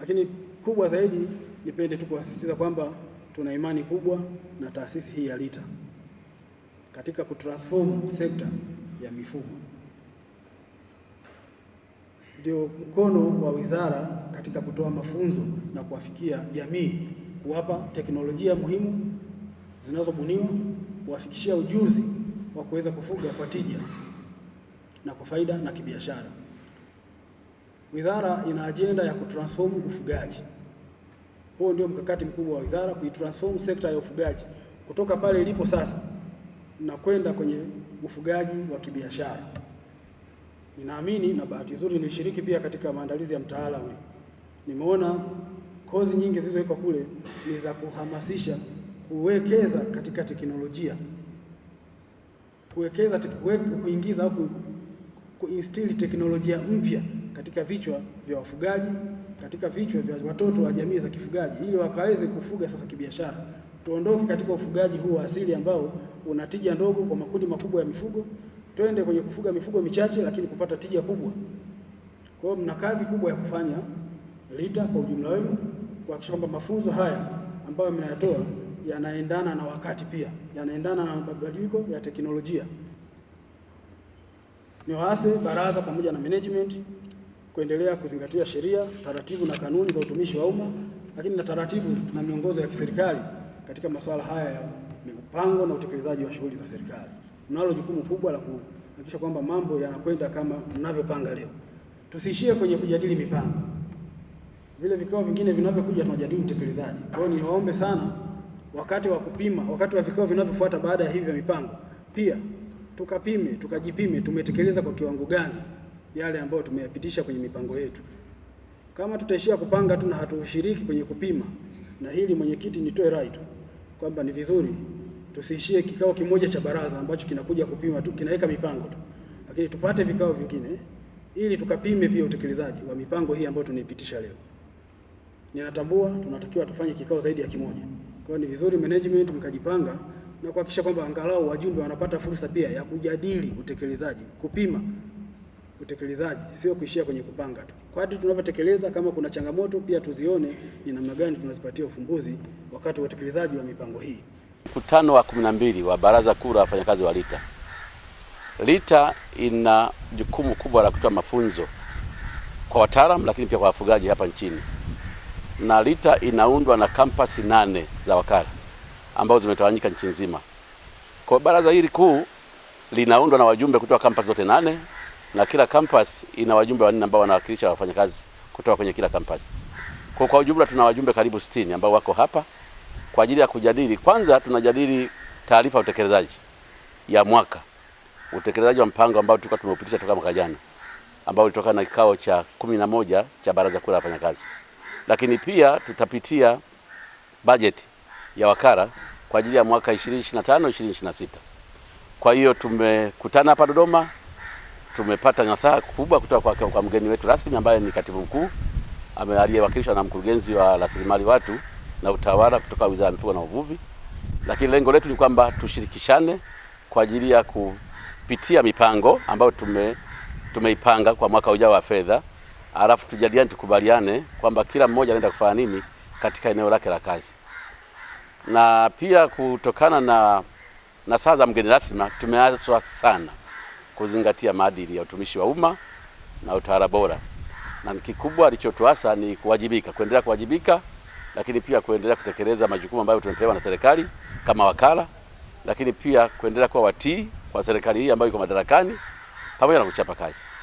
Lakini kubwa zaidi, nipende tu kuwasisitiza kwamba tuna imani kubwa na taasisi hii ya LITA katika kutransform sekta ya mifugo. Ndio mkono wa wizara katika kutoa mafunzo na kuwafikia jamii, kuwapa teknolojia muhimu zinazobuniwa, kuwafikishia ujuzi wa kuweza kufuga kwa tija na kwa faida na kibiashara. Wizara ina ajenda ya kutransform ufugaji. Huo ndio mkakati mkubwa wa wizara, kuitransform sekta ya ufugaji kutoka pale ilipo sasa na kwenda kwenye ufugaji wa kibiashara. Ninaamini na bahati nzuri nilishiriki pia katika maandalizi ya mtaala ule, nimeona kozi nyingi zilizowekwa kule ni za kuhamasisha kuwekeza katika teknolojia, kuwekeza kuingiza au kuinstili teknolojia mpya katika vichwa vya wafugaji, katika vichwa vya watoto wa jamii za kifugaji, ili wakaweze kufuga sasa kibiashara. Tuondoke katika ufugaji huu wa asili ambao una tija ndogo kwa makundi makubwa ya mifugo, twende kwenye kufuga mifugo michache, lakini kupata tija kubwa. Kwa hiyo mna kazi kubwa ya kufanya LITA kwa ujumla wenu, kuhakikisha kwamba mafunzo haya ambayo mnayatoa yanaendana na wakati, pia yanaendana na mabadiliko ya teknolojia. Niwaase baraza pamoja na management kuendelea kuzingatia sheria, taratibu na kanuni za utumishi wa umma, lakini na taratibu na miongozo ya kiserikali katika masuala haya ya mipango na utekelezaji wa shughuli za serikali. Mnalo jukumu kubwa la kuhakikisha kwamba mambo yanakwenda kama mnavyopanga leo. Tusiishie kwenye kujadili mipango. Vile vikao vingine vinavyokuja tunajadili utekelezaji. Kwa hiyo niwaombe sana wakati wa kupima, wakati wa vikao vinavyofuata baada ya hivi vya mipango, pia tukapime, tukajipime tumetekeleza kwa kiwango gani yale ambayo tumeyapitisha kwenye mipango yetu. Kama tutaishia kupanga tu na hatushiriki kwenye kupima, na hili mwenyekiti, nitoe rai tu kwamba ni vizuri tusiishie kikao kimoja cha baraza ambacho kinakuja kupima tu, kinaweka mipango tu, lakini tupate vikao vingine ili tukapime pia utekelezaji wa mipango hii ambayo tunaipitisha leo. Ninatambua tunatakiwa tufanye kikao zaidi ya kimoja. Kwa hiyo ni vizuri management mkajipanga na kuhakikisha kwamba angalau wajumbe wanapata fursa pia ya kujadili utekelezaji, kupima utekelezaji, sio kuishia kwenye kupanga tu. Kadri tunavyotekeleza, kama kuna changamoto pia tuzione ni namna gani tunazipatia ufumbuzi wakati wa utekelezaji wa mipango hii. Mkutano wa 12 wa Baraza Kuu la Wafanyakazi wa LITA. LITA ina jukumu kubwa la kutoa mafunzo kwa wataalamu, lakini pia kwa wafugaji hapa nchini, na LITA inaundwa na kampasi nane za wakala ambazo zimetawanyika nchi nzima. Kwa baraza hili kuu linaundwa na wajumbe kutoka kampasi zote nane na kila campus ina wajumbe wanne ambao wanawakilisha wafanyakazi kutoka kwenye kila campus. Kwa kwa ujumla tuna wajumbe karibu 60 ambao wako hapa kwa ajili ya kujadili. Kwanza tunajadili taarifa ya utekelezaji ya mwaka, utekelezaji wa mpango ambao tulikuwa tumeupitisha toka mwaka jana, ambao ulitoka na kikao cha kumi na moja cha baraza kuu la wafanyakazi. Lakini pia tutapitia bajeti ya wakala kwa ajili ya mwaka 2025 2026. Kwa hiyo tumekutana hapa Dodoma tumepata nasaha kubwa kutoka kwa, kwa mgeni wetu rasmi ambaye ni katibu mkuu aliyewakilishwa na mkurugenzi wa rasilimali watu na utawala kutoka Wizara ya Mifugo na Uvuvi. Lakini lengo letu ni kwamba tushirikishane kwa ajili ya kupitia mipango ambayo tume tumeipanga kwa mwaka ujao wa fedha, alafu tujadiliane, tukubaliane kwamba kila mmoja anaenda kufanya nini katika eneo lake la kazi. Na pia kutokana na saa za mgeni rasmi tumeaswa sana kuzingatia maadili ya utumishi wa umma na utawala bora, na kikubwa alichotuasa ni kuwajibika, kuendelea kuwajibika, lakini pia kuendelea kutekeleza majukumu ambayo tumepewa na serikali kama wakala, lakini pia kuendelea kuwa watii kwa serikali hii ambayo iko madarakani pamoja na kuchapa kazi.